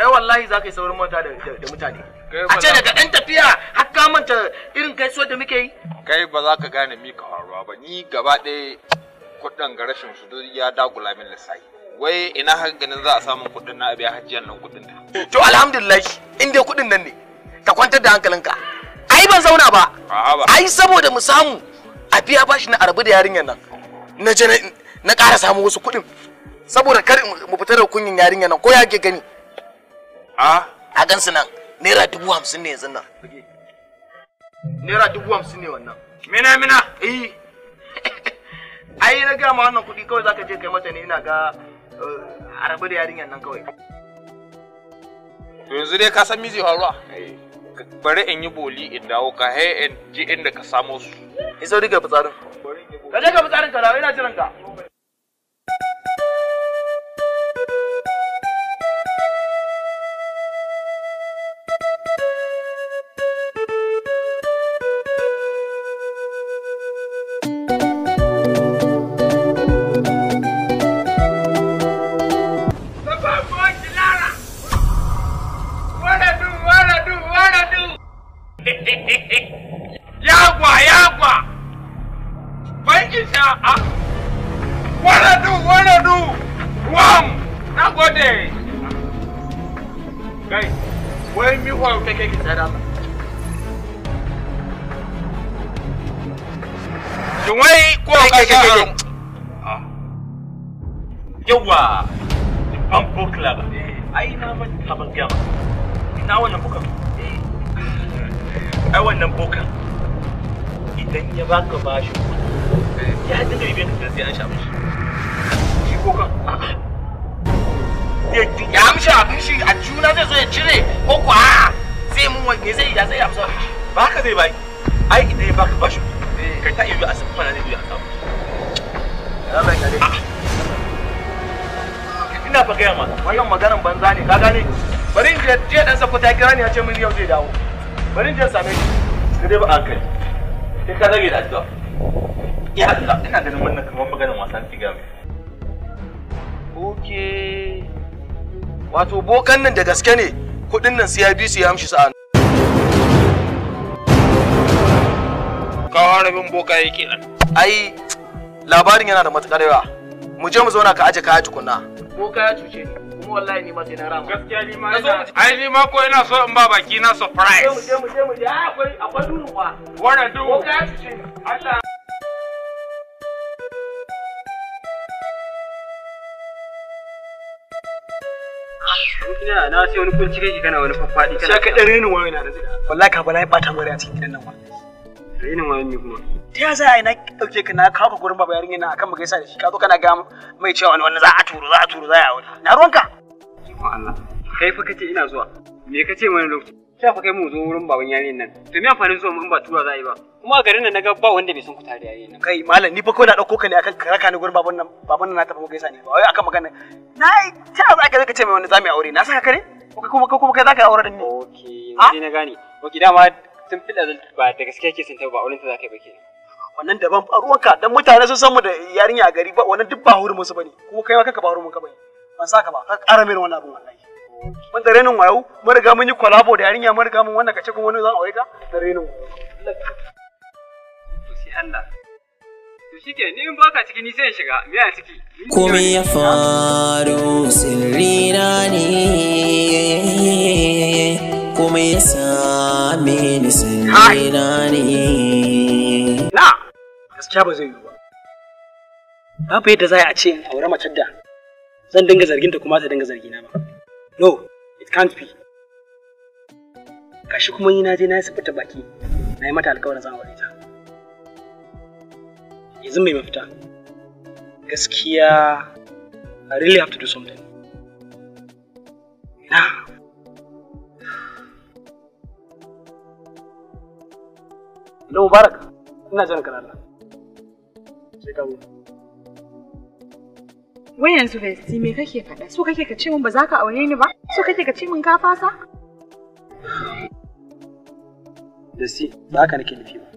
kai wallahi za ka yi saurin manta da mutane a ce daga ɗan tafiya har ka manta irin so da muke yi kai ba za ka gane mi ka faruwa ba ni gaba ɗaya kuɗin ga rashin su ya dagula min lissafi wai ina har ganin za a samu kuɗin na abiya hajiyar nan kuɗin da. to alhamdulillah in dai kuɗin nan ne ka kwantar da hankalinka ai ban zauna ba ai saboda mu samu a biya bashi na arabu da yarinyar nan na je na ƙara samu wasu kuɗin saboda kar mu fita da kunyin yarinyar nan ko ya ke gani a gan su nan naira dubu hamsin ne yanzu nan naira dubu hamsin ne wannan mina mina eh ai na ga ma wannan kuɗi kawai zaka je kai mata ne ina ga eh, a da yarinyar nan kawai to yanzu dai ka san miji faruwa eh. bari in yi boli in dawo ka he in je inda ka samo su in sauri ga fitsarin ka je ka fitsarin ka dawo ina jiran ka Yagwa, yagwa! Ban isa a ah, ah. waradu, waradu! Wam! Na gode! Kai, wai mi wa kake ki tsada ba? Juwai ko kai kai kai. Yawa! Ban book club. Eh, ai na ban gama. Ina wannan bukan. ai wannan bokan idan ya baka bashi ya dinga bibiyar ka sai an sha mishi shi bokan ya amshi abin shi a juna zai zo ya cire ko ko sai mun wanke zai ya zai amsa ba zai bai ai idan ya baka bashi kai ta iya a samu mana zai biya a samu ina fa gaya ma wannan maganar banza ne ka gane bari in je dan sako ta kira ni ya ce min yau zai dawo bari je same shi dai ba a kai sai ka zage da addu'a ya Allah ina ganin wannan kamar maganar wasan tiga mai okay wato bokan nan da gaske ne kudin nan sai ya bi su ya amshi sa'an ka harabin boka yake nan ai labarin yana da matukar yawa mu je mu zauna ka aje kaya tukunna ko ka ya cuce ni kuma wallahi ni ma sai na rama gaskiya ni ma ai ni ma ko ina so in ba baki na surprise mu je mu je mu je akwai akwai duhu fa wannan duhu ko ka ya cuce ni Allah na sai wani kun cike ki kana wani faffaɗi kana. Sai ka ɗare ni wani na da zai. Wallahi ka bala ya a cikin gidan nan wallahi. da irin kuma ta na dauke ka na kawo ka gurin baba yarinya na akan mu gaisa da shi ka zo kana ga mai cewa wani wannan za a turo za a turo za a na ruwanka Allah kai fa kace ina zuwa me kace mana lokaci sai fa kai mu zo wurin baban nan to me amfanin zuwa ba tura za a yi ba kuma a garin nan ba wanda bai san ku tare yayin nan kai malam ni fa na ka ne akan karaka ni gurin baban nan baban nan na tafi gaisa ne ba wai akan magana na ta za ka mai wani aure na saka ka ne ko kuma ko kuma kai aure da ni okay na gane okay dama tun fi ɗazin ba da gaske yake santa ba auren ta zaka yi ba kenan wannan daban ka dan mutane sun san mu da yarinya a gari ba wannan duk ba hurumin su bane kuma kai ma kanka ba hurumin ka bane ban sa ka ba ka ƙara mai wannan abin wallahi mun da renin wayo mun riga mun yi kwalabo da yarinya mun riga mun wannan kace kuma wani zan aure ka da renin to shi Allah to shi ke ni in baka ciki ni sai in shiga me ya ciki komai ya faru sirrina ne komai ya same ni sai na ne. Na, gaskiya ba zai yi ba. Babu yadda za a ce aure mace da zan dinga zarginta kuma ta dinga zargina ba. No, it can't be. kashi kuma ni na je na yi sifita baki na yi mata alkawarin zan aure ta. Yanzu mai mafita. Gaskiya I really have to do something. Now. da mubarak ina jan ka Allah sai ka wai yanzu Besti me kake faɗa so kake ka ce min ba za ka aure ni ba so kake ka ce min ka fasa Da Besti ba haka nake nufi ba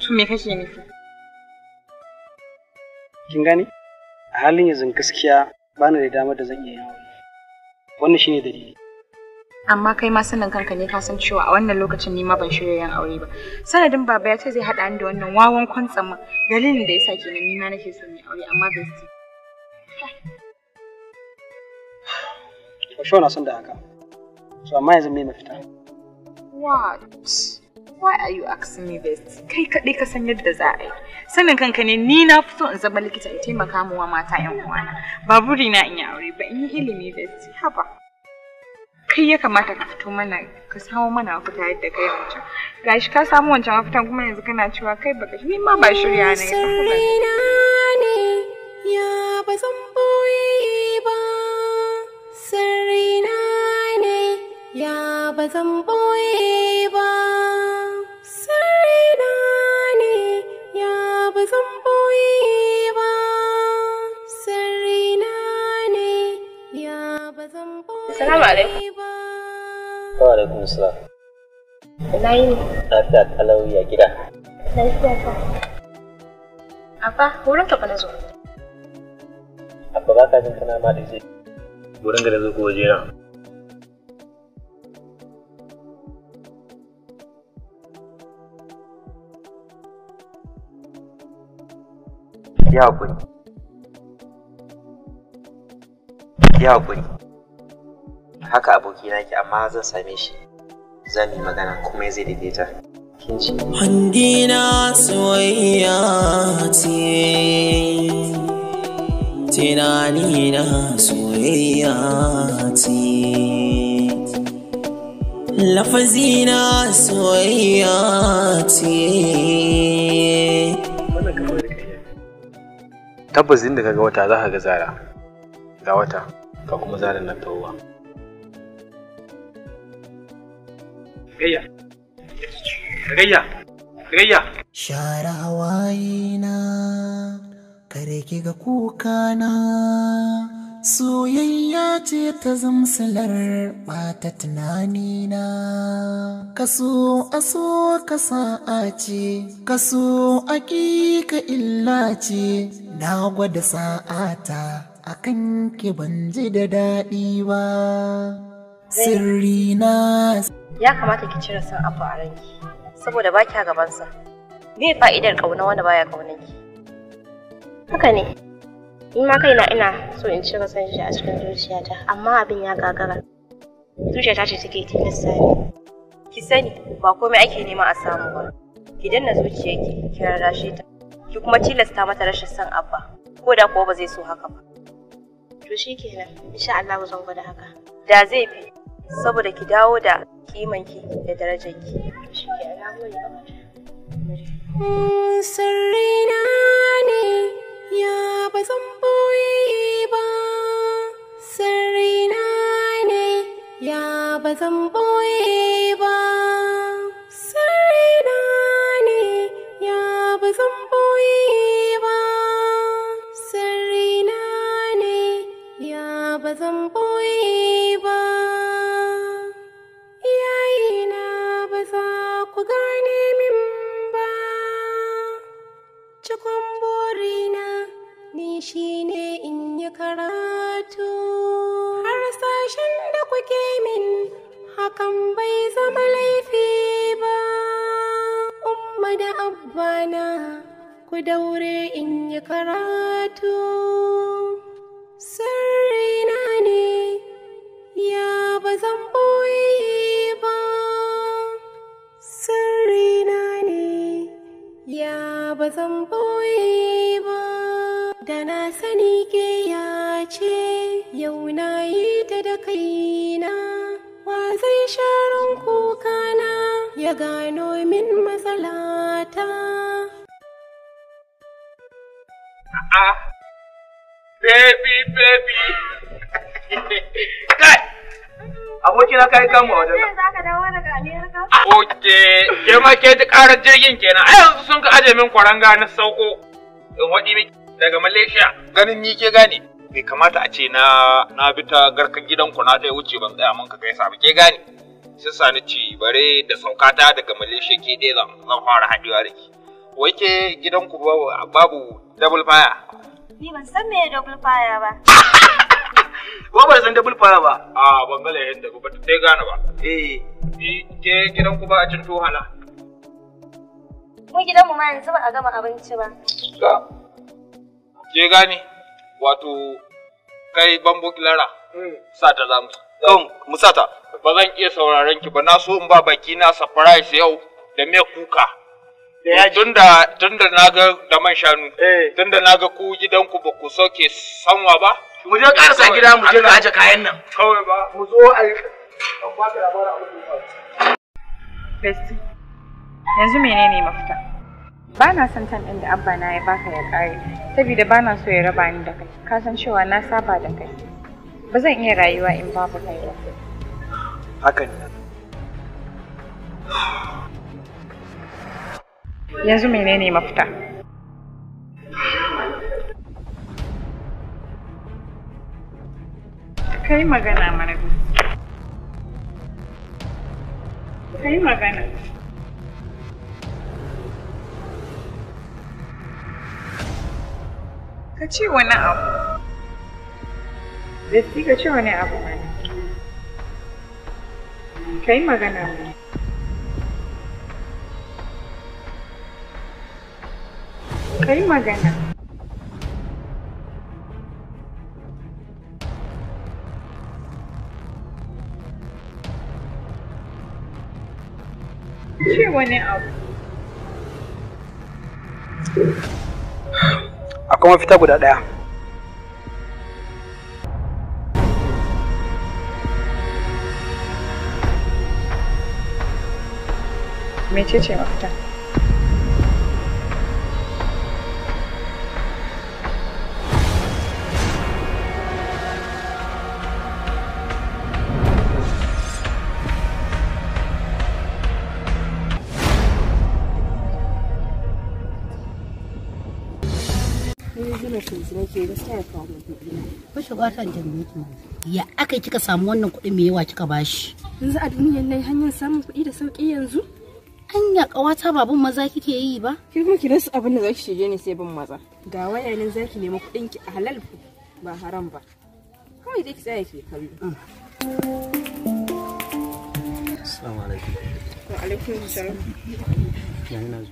to me kake nufi kin gane a halin yanzu gaskiya ba ni da damar da zan iya yawo wannan shine dalili amma kai ma sanin kanka ne ka san cewa a wannan lokacin ni ma ban shirya yan aure ba sanadin baba ya ce zai haɗa ni da wannan wawan ma dalilin da yasa kenan ni ma nake son yi aure amma bai su shi na son da haka so amma yanzu me mafita what why are you asking me this kai kaɗai ka san yadda za a yi sanin kanka ne ni na fito in zama likita in taimaka wa mata yan uwana baburi na in yi aure ba in yi ilimi this haba kai ya kamata ka fito mana ka samo mana mafita yadda kai wancan gashi ka samu wancan mafitan kuma yanzu kana cewa kai baka ni ma ba shirya ne ne ya ba zan boye ba sirrina ne ya ba zan boye ba alaikum salam Na yi lafiya kalau ya gida Na lafiya ka abba wurin ka na zo abba ba ka jin kana ma da zai wurin ga da zo ko waje na ya hakuri ya hakuri haka abokina ke amma zan same shi za yi magana kuma zai daidaita hangina soyayya ce na soyayya ce lafazina soyayya ce tabbas inda kaga wata za ka ga zara ga wata ka kuma zara na tawwa Gayya. Gayya. Gayya. Share kare ki ga kuka na soyayya ce ta zamsalar bata tunani na kaso so ka sa'a ce kaso akika illa ce na gwada sa'ata kan ki ban ji da daɗi ba sirri na ya kamata ki cire son abu a ranki saboda ba kya gabansa me fa'idar ƙauna wanda baya ƙaunar ki haka ne ni ma kaina ina so in cire son shi a cikin zuciyata amma abin ya gagara zuciyata ce take tilasta ni ki sani ba komai ake nema a samu ba ki danna zuciyarki ki rarrashe ta ki kuma tilasta mata rashin son abba ko da kuwa ba zai so haka ba to shikenan insha Allah zan gwada haka da zai fi saboda ki dawo da kimanki da darajarki. Sirrina ne ya ba zan boye ba, sirrina ne ya ba zan boye ba, sirrina ne ya ba zan boye ku daure in yi karatu sirrina ne ya ba zan boye ba sirrina ne ya ba zan boye ba da na sani ke ya ce yau na yi ta da kaina wa zai sharon kukana ya gano min matsalata ah baby baby kai abokina kai kama mu wajen nan zaka dawo daga America oke ke ma ke ta karar jirgin kenan ai yanzu sun ka aje min kwaranga na sauko in wadi miki daga Malaysia ganin ni ke gane bai kamata a ce na na bi ta garkan gidanku na ta wuce ban tsaya mun ka gaisa ba ke gane sun sani ci bare da saukata daga Malaysia ke dai zan fara haɗewa da ki ke gidanku babu double fire. Ni ban san me double fire ba. Ko ban san double fire ba? A ban ga yadda da ba ta gane ba. Eh. Ni ke gidanku ba a cin tohala. Mu gidanmu ma yanzu ba a gama abinci ba. Ga. Ke gane? Wato kai bambo kilara. Hmm. Sa ta zamu. Kan musata. Ba zan iya sauraron ki ba na so in ba baki na surprise yau da me kuka. tunda tunda naga da man shanu eh. tunda naga ku gidanku ba ku soke sanwa ba mu je karasa gida mu je na aje kayan nan kawai ba mu zo a yi Besti, yanzu menene mafita? Ba na son tan ɗin da abba na ya baka ya ƙare, saboda ba na so ya raba ni da kai, ka san cewa na saba da kai. Ba zan iya rayuwa in babu kai ba. Haka ne. yanzu menene mafita kai magana mana kai magana ka ce wani abu da ka ce wani abu mana kai magana mana kai magana ce wani abu akwai mafita guda ɗaya miki nake gaskiya ka kawo kuɗi ko shiga ta tambaye ki ya aka kika samu wannan kuɗin me yawa kika bashi yanzu a duniyar nan hanyar samun kuɗi da sauki yanzu anya kawata babun maza kike yi ba ki kuma ki rasa abin da zaki shige ne sai bin maza ga waya nan zaki nemi kuɗin ki a halal ku ba haram ba kawai dai ki tsaya ki kallo assalamu alaikum wa alaikum assalam yana na zo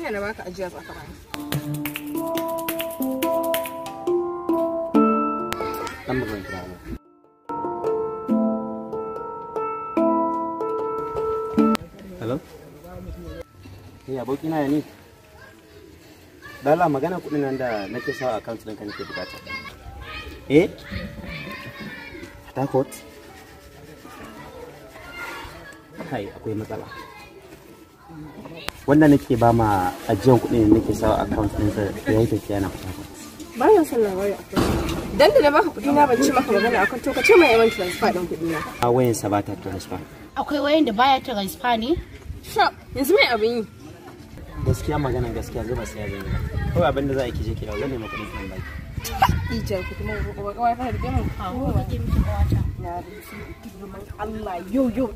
ina da baka ajiya tsakanin computer வைக்கிறாங்க Hello? Eh, abokina ya ni? Dala magana kudin nan da nake sa account ɗinka nake bukata. Eh? Takot? Kai, akwai matsala. Wanda nake ba ma ajiyan kuɗin nake sa account ɗinsa ya yi tafiya na Ba ya dan da na baka kuɗi na ban ci maka magana akan to ka ce mai yawan transfer din kuɗi na a wayan sa ta transfer akwai wayan da baya transfer ne yanzu mai abin yi gaskiya magana gaskiya zuba sai zan yi kawai abin da za a ki je kira zan nemi kuɗin kan baki ijar ku kuma ba da ba ke miki na Allah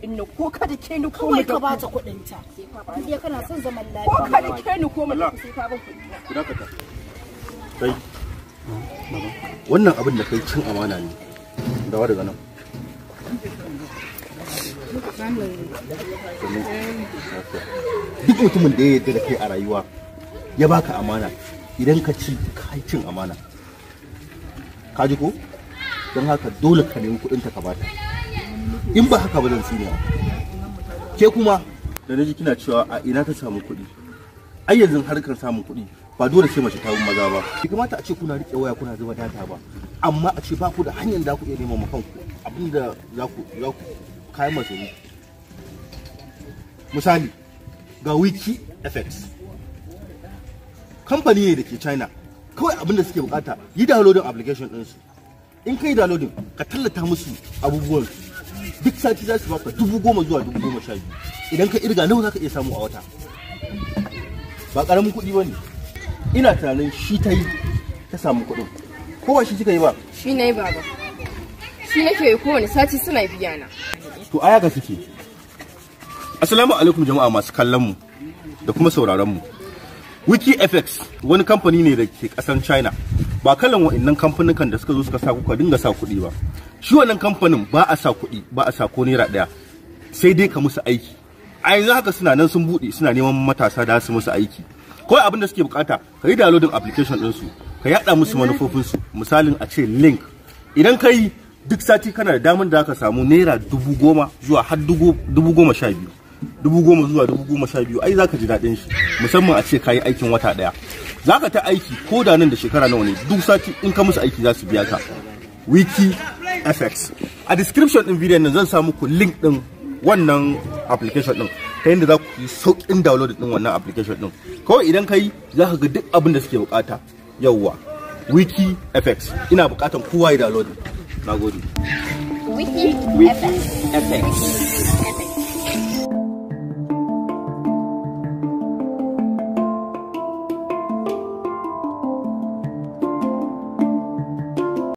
inna ko ka da ke ni ko ka kuɗin ta kana son zaman lafiya ko ka da ke ni ko ka ba kuɗi ku dakata wannan abin da kai cin amana ne dawa daga nan duk mutumin da ya yarda da kai a rayuwa ya baka amana idan ka ci kai cin amana ka ji ko don haka dole ka nemi kuɗin ta ka bata in ba haka ba zan siniya ke kuma da naji kina cewa a ina ta samu kuɗi ai yanzu harkar samun kuɗi ba dole sai mace ta yi maza ba bai kamata a ce kuna rike waya kuna zuba data ba amma a ce ba ku da hanyar da ku iya neman ma kanku abinda za ku za ku kayan misali ga wiki effects kamfani ne da ke china kawai abinda suke bukata yi downloading application su in ka yi downloading ka tallata musu abubuwan duk sati za su baka dubu goma zuwa dubu goma sha biyu idan ka irga nawa za ka iya samu a wata ba ƙaramin kuɗi ba ne ina tunanin shi ta yi ta samu kuɗin ko ba shi kika yi ba shi na yi baba shi yake yi kowane sati suna biya na to aya ga suke assalamu alaikum jama'a masu kallon mu da kuma sauraron mu wiki fx wani kamfani ne da ke kasan china ba kallon wa'annan kamfanukan da suka zo suka sa kuka dinga sa kuɗi ba shi wannan kamfanin ba a sa kuɗi ba a sa ko naira ɗaya sai dai ka musu aiki a yanzu haka suna nan sun buɗe suna neman matasa da su musu aiki kawai abin da suke bukata ka yi downloading application ɗinsu ka yaɗa musu manufofinsu misalin a ce link idan ka yi duk sati kana da damar da zaka samu naira dubu goma zuwa har dubu goma sha biyu dubu goma zuwa dubu goma sha biyu ai za ka ji daɗin shi musamman a ce ka yi aikin wata ɗaya za ka ta aiki ko da nan da shekara nawa ne duk sati in ka musu aiki za su biya ka wiki fx a description ɗin bidiyon nan zan samu ku link ɗin wannan application ɗin ta yadda za ku yi sauƙin download din wannan application din kawai idan ka yi za ka ga duk abin da suke bukata yauwa wiki fx ina bukatan kowa ya download na gode wiki fx